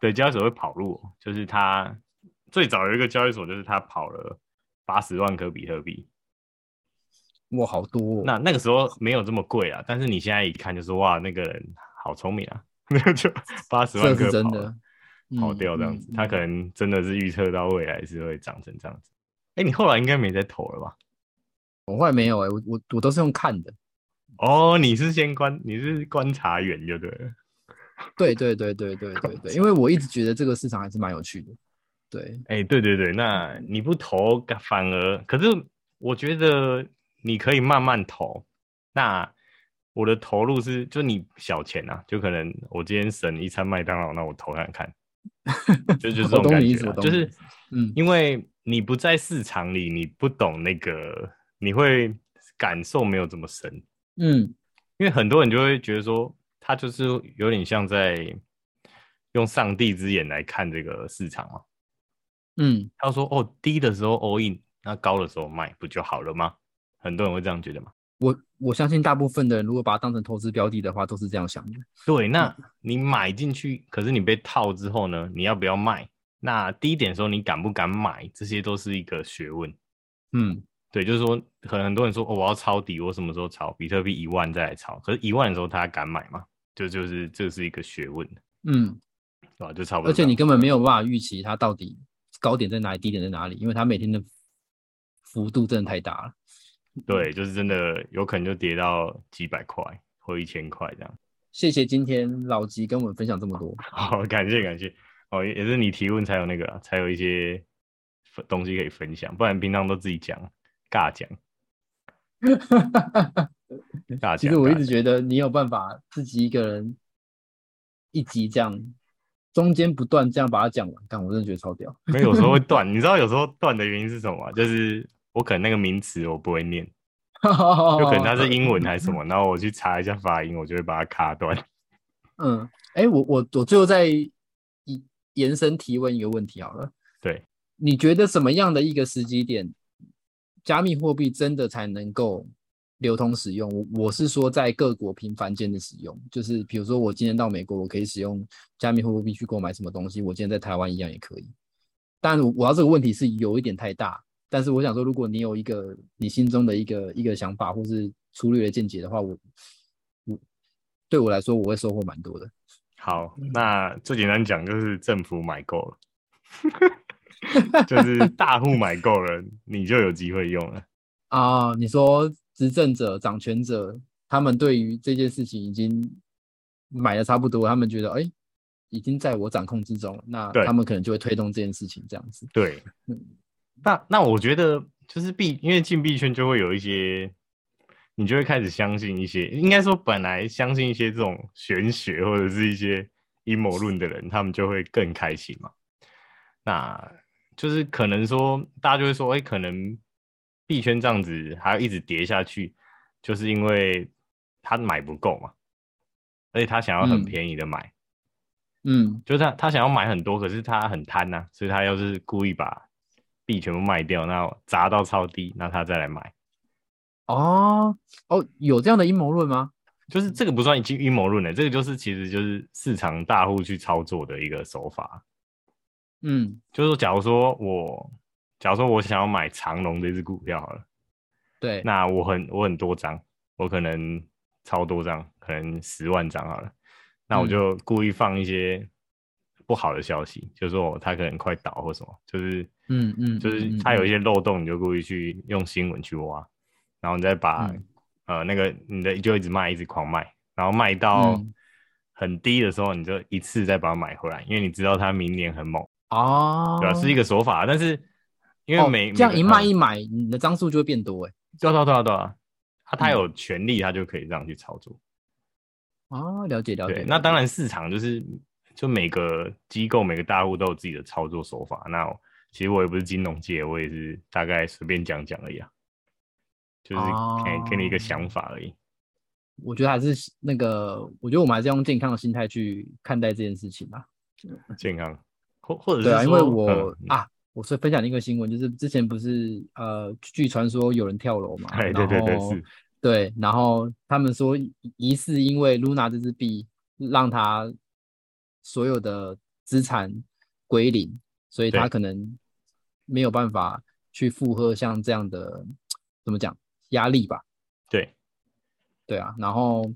Speaker 1: 對交易所會跑路，就是他最早有一個交易所，就是他跑了八十萬顆比特幣。
Speaker 2: 哇，好多哦！那
Speaker 1: 那個時候沒有這麼貴啊，但是你現在一看就是哇，那個人。好聰明啊！沒有就八十萬個，這是真的跑掉這樣子，嗯嗯、他可能真的是預測到未來是會長成這樣子。哎、欸，你後來應該沒在投了吧？我後來沒有哎、欸，我我我都是用看的。哦，你是先觀，你是觀察員就對了。對對，對對對對對對對，因為我一
Speaker 2: 直覺得這個市場還是蠻有趣的。
Speaker 1: 對，哎、欸，對對對，那你不投反而可是，我覺得你可以慢慢投。那。我的投入是，就你小錢啊，就可能我今天省一餐麥當勞，那我投看看， 就，就是這種感覺。就是嗯，我懂你意思，因為你不在市場裡，嗯、你不懂那個，你會感受沒有這麼深，嗯，
Speaker 3: 因
Speaker 1: 為很多人就會覺得說，他就是有點像在用上帝之眼來看這個市場嘛、
Speaker 2: 啊，嗯，
Speaker 1: 他說哦，低的時候 all in，那高的時候賣，不就好了嗎？很多人會這樣覺得嘛。我我相信大部分的人如果把它當成投資標的的話，都是這樣想的。對，那你買進去，嗯、可是你被套之後呢？你要不要賣？那低點的時候你敢不敢買？這些都是一個學問。嗯，對，就是說很很多人說，哦，我要抄底，我什麼時候抄？比特幣一萬再來抄，可是一萬的時候他還敢買嗎？就就是這是一個學問。嗯，對、啊、就差不多。而且你根本沒
Speaker 2: 有辦法預期它到底高點在哪裡，低點在哪裡，因為它每天的幅度真的太大了。嗯
Speaker 1: 對，就是真的有可能就跌到幾百塊或一千塊這樣。謝謝今天老吉跟我們分享這麼多，好，感謝感謝。哦，也是你提問才有那個，才有一些東西可以分享，不然平常都自己講，尬講。 講，其實我一直覺得你有辦法自己一個人一集這樣，
Speaker 2: 中間不斷這樣把它講完，但我真的覺得超屌。沒有，有時候會
Speaker 1: 斷， 你知道有時候斷的原因是什麼啊？就是。我可能那個名詞我不會念，
Speaker 2: 就可能它是
Speaker 1: 英文還是什麼， 然後我去查一下發音，我就會把它卡斷。嗯，
Speaker 2: 哎、欸，我我我最後再一延伸提問一個問題好了，對，你覺得什麼樣的一個時機點，加密貨幣真的才能夠流通使用？我我是說在各國頻繁間的使用，就是比如說我今天到美國，我可以使用加密貨幣去購買什麼東西，我今天在台灣一樣也可以。但我，我要這個問題是有一點太大。但是我想說，如果你有一個你心中的一個一個想法，或是粗略的見解的話，我我對我來說，我會收穫蠻多的。好，那
Speaker 1: 最簡單講就是政府買夠了， 就是大戶買夠了， 你就有機會用了。啊、呃，你說執政者、掌權者，
Speaker 2: 他們對於這件事情已經買得差不多，他們覺得哎，已經在我掌控之中，那他們可能就會推動這件事情，這樣子。
Speaker 1: 對。嗯那那我覺得就是幣，因為進幣圈就會有一些，你就會開始相信一些，應該說本來相信一些這種玄學或者是一些陰謀論的人，他們就會更開心嘛。那就是可能說，大家就會說，哎、欸，可能幣圈這樣子還要一直跌下去，就是因為他買不夠嘛，而且他想要很便宜的買，嗯，嗯就是他他想要買很多，可是他很貪吶、啊，所以他要是故意把。全部賣掉，那砸到超低，那他再來買。哦，
Speaker 2: 哦，有這樣的
Speaker 1: 陰謀論嗎？就是這個不算陰謀論的，這個就是其實就是市場大戶去操作的一個手法。
Speaker 3: 嗯，就
Speaker 1: 是說，假如說我，假如說我想要買長龍這只股票好了，對，那我很我很多張，我可能超多張，可能十萬張好了，那我就故意放一些。嗯。不好的消息，就是、說他可能快倒或什麼，就是嗯嗯，嗯就是他有一些漏洞，你就故意去用新聞去挖，嗯、然後你再把、嗯、呃那個你的就一直賣，一直狂賣，然後賣到很低的時候，你就一次再把它買回來，嗯、因為你知道它明年很猛哦，
Speaker 3: 對、啊，是一個
Speaker 1: 手法，但是因為每，、哦、每這樣一賣一買，你的張數就會變多哎，對啊對啊對啊，他他有權利，他就可以這樣去操作，嗯、啊，
Speaker 2: 了解了解，了解，了解對，那當
Speaker 1: 然市場就是。就每個機構、每個大戶都有自己的操作手法。那其實我也不是金融界，我也是大概隨便講講而已。就是給你一個想法而已、啊。
Speaker 2: 我覺得還是那個，我覺得我們還是要用健康的心態去看待這件事情吧。
Speaker 1: 健康或或者是對、啊，因為我、嗯、
Speaker 2: 啊，我是分享一個新聞，就是之前不是呃，據傳說有人跳樓嘛？哎，後對對對，對，然後他們說疑似因為 Luna 這隻幣讓他。所有的資產歸零，所以他可能沒有辦法去負荷像這樣的怎麼講壓力吧？對，對啊。然後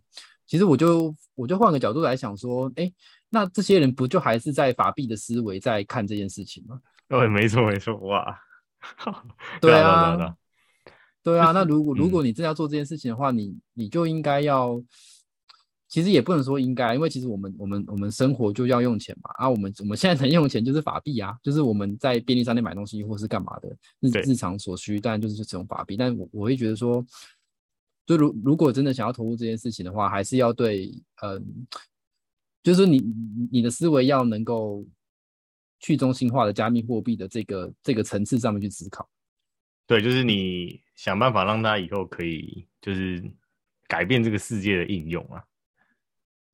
Speaker 2: 其實我就我就換個角度來想說，哎、欸，那這些人不就還是在法幣的思維在看這件事情嗎？
Speaker 1: 對，沒錯
Speaker 2: 沒錯，哇！
Speaker 3: 對啊，
Speaker 2: 對啊。那如果如果你真的要做這件事情的話，你你就應該要。其實也不能說應該，因為其實我們我們我們生活就要用錢嘛，啊，我們我們現在能用錢就是法幣啊，就是我們在便利商店買東西或是幹嘛的，日日常所需，當然就是這種法幣。但我我會覺得說，就如如果真的想要投入這件事情的話，還是要對，嗯，就是說你你的思維要能夠去中心化的加密貨幣的這個這個層次上面去思考，
Speaker 1: 對，就是你想辦法讓它以後可以就是改變這個世界的應用啊。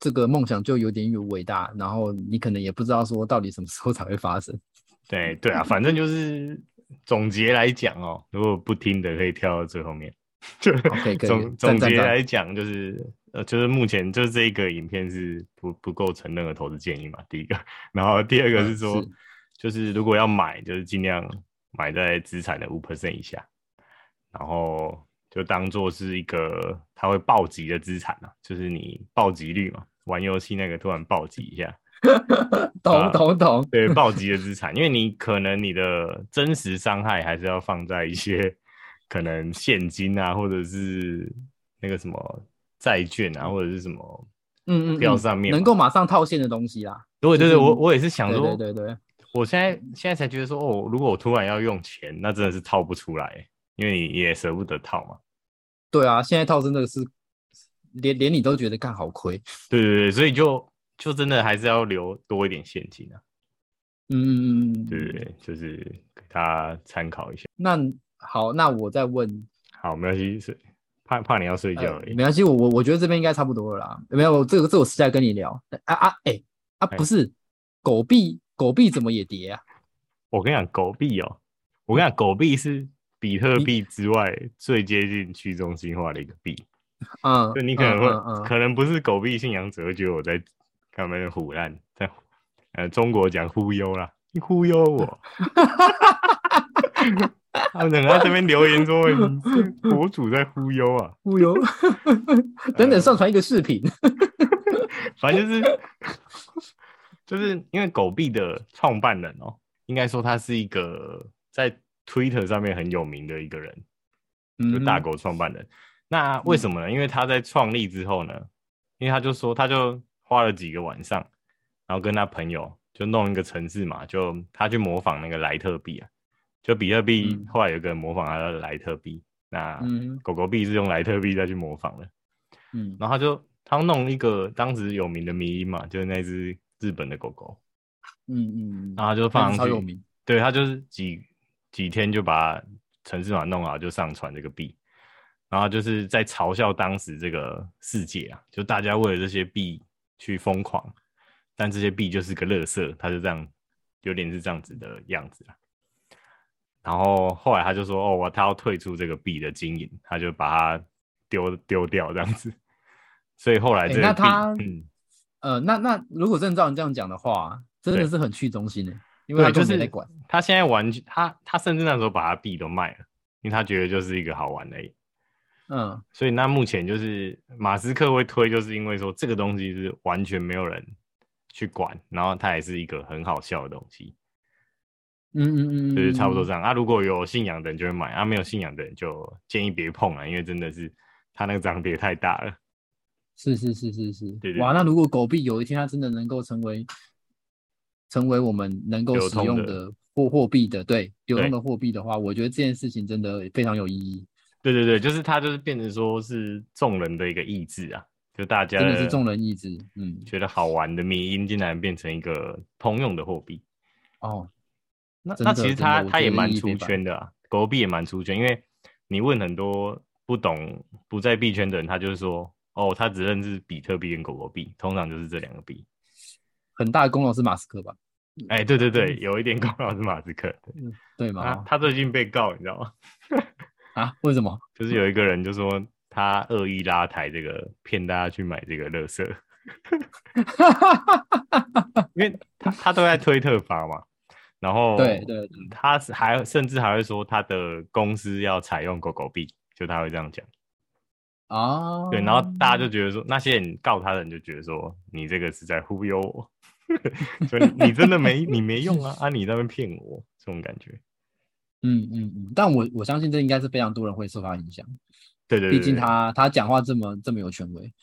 Speaker 2: 這個夢想就有點遠偉大，然後你可
Speaker 1: 能也不知道說到底什麼時候才會發生。對對啊，反正就是總結來講哦，如果不聽的可以跳到最後面。就、 okay, okay , okay, 總總結來講，就是站站站呃，就是目前就是這一個影片是不不構成任何投資建議嘛。第一個，然後第二個是說，嗯、是，就是如果要買，就是盡量買在資產的五 percent 以下，然後就當做是一個它會暴擊的資產吶、啊，就是你暴擊率嘛。玩遊戲那個突然暴擊一下，懂懂懂。啊、對倒暴擊的資產， 因為你可能你的真實傷害還是要放在一些可能現金啊，或者是那個什麼債券啊，嗯、或者是什麼嗯嗯標上面，嗯嗯，能夠馬上套現的東西啦。對，對對對，我我也是想說，對，對對對，我現在現在才覺得說，哦，如果我突然要用錢，那真的是套不出來，因為你也舍不得套嘛。對啊，現在套真的是。
Speaker 2: 連連你都覺得幹好虧，
Speaker 1: 對對對，所以就就真的還是要留多一點現金啊。嗯，
Speaker 2: 對，
Speaker 1: 就是給他參考一下。那好，那我再問。好，沒關係，怕怕你要睡覺、呃、沒
Speaker 2: 關係，我我我覺得這邊應該差不多了啦。沒有，這個這個、我實在跟你聊啊啊哎啊，啊欸啊欸、不是
Speaker 1: 狗幣，狗幣怎麼也跌啊？我跟你講狗幣哦，我跟你講狗幣是比特幣之外最接近去中心化的一個幣。嗯，你可能會、嗯嗯嗯、可能不是狗幣信仰者，就我在他們虎爛在，虎在呃中國講忽悠啦，你忽悠我，有人在這邊留言說，博主在忽悠啊， 忽悠， 等等
Speaker 2: 上傳一個視頻、 呃，
Speaker 1: 反正就是、就是、因為狗幣的創辦人哦、喔，應該說他是一個在 Twitter 上面很有名的一個人，就大狗創辦人。嗯那為什麼呢？因為他在創立之後呢，嗯、因為他就說，他就花了幾個晚上，然後跟他朋友就弄一個程式嘛，就他去模仿那個萊特幣啊，就比特幣後來有個人模仿他的萊特幣，嗯、那狗狗幣是用萊特幣再去模仿的，嗯，然後他就他弄一個當時有名的迷因嘛，就是那只日本的狗狗，嗯嗯
Speaker 3: 嗯，嗯然後他就放上去，嗯嗯嗯
Speaker 1: 嗯、對他就是幾幾天就把程式嘛弄好，就上傳這個幣。然後就是在嘲笑當時這個世界啊，就大家為了這些幣去瘋狂，但這些幣就是個樂色，他就這樣有點是這樣子的樣子啊。然後後來他就說：“哦，我他要退出這個幣的經營，他就把它丟丟掉這樣子。”所以後來這、欸、那他嗯
Speaker 2: 呃那那，那如果真的照你這樣講的話，對真的是很去中心的，因為他就是
Speaker 1: 他現在玩，他他甚至那時候把他幣都賣了，因為他覺得就是一個好玩而已。嗯，所以那目前就是馬斯克會推，就是因為說這個東西是完全沒有人去管，然後它也是一個很好笑的東西。嗯嗯
Speaker 3: 嗯，嗯嗯就是差不多這
Speaker 1: 樣啊。如果有信仰的人就會買啊，沒有信仰的人就建議別碰啊，因為真的是它那個漲跌太大了。
Speaker 2: 是是是是是，對，對對。哇，那如果狗幣有一天它真的能夠成為成為我們能夠使用的貨貨幣的，的對，有用的貨幣流通的貨幣的話，欸、我覺得這件事情真的非常有意義。
Speaker 1: 對對對，就是他，就是變成說是眾人的一個意志啊，就大家真的是眾人意志，嗯，覺得好玩的迷因竟然變成一個通用的貨幣。哦，
Speaker 3: 那那其實他他也蠻出圈的
Speaker 1: 啊，狗幣也蠻出圈，因為你問很多不懂、不在幣圈的人，他就是說，哦，他只認識比特幣跟狗狗幣，通常就是這兩個幣。很大的功勞是馬斯克吧？哎、欸，對對對，有一點功勞是馬斯克的，對，對嗎？他他最近被告，你知道嗎？啊？為什麼？就是有一個人就說他惡意拉抬這個，騙大家去買這個樂色。 因為他他都在推特發嘛，然後對對，他還甚至還會說他的公司要採用狗狗幣，就他會這樣講啊。對，然後大家就覺得說那些人告他的人就覺得說你這個是在忽悠我，所以 你真的沒你沒用啊，啊你在，你那邊騙我這種感覺。
Speaker 3: 嗯嗯嗯，
Speaker 2: 但我我相信這應該是非常多人會受他影響。對，對對，畢竟他他講話這麼這麼有權威。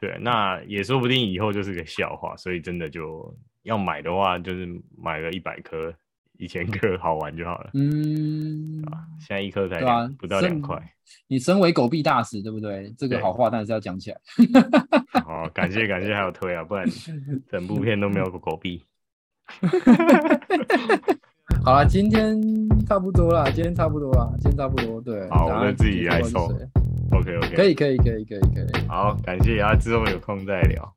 Speaker 1: 對，那也說不定以後就是個笑話，所以真的就要買的話，就是買個一百顆、一千顆好玩就好了。
Speaker 2: 嗯、啊，
Speaker 1: 現在一顆才兩、啊、不到兩塊。
Speaker 2: 你身為狗幣大使，對不對？
Speaker 1: 這個好話當然要講起來。好、 哦，感謝感謝，還有推啊，不然整部片都沒有狗幣。哈哈哈哈。
Speaker 2: 好啦，今天差不多啦，今天差不多啦，今天差不多。對，好，一我們自己來抽。OK
Speaker 3: OK，可以可以可以可以可以。好，嗯、感謝啊，之後有空再聊。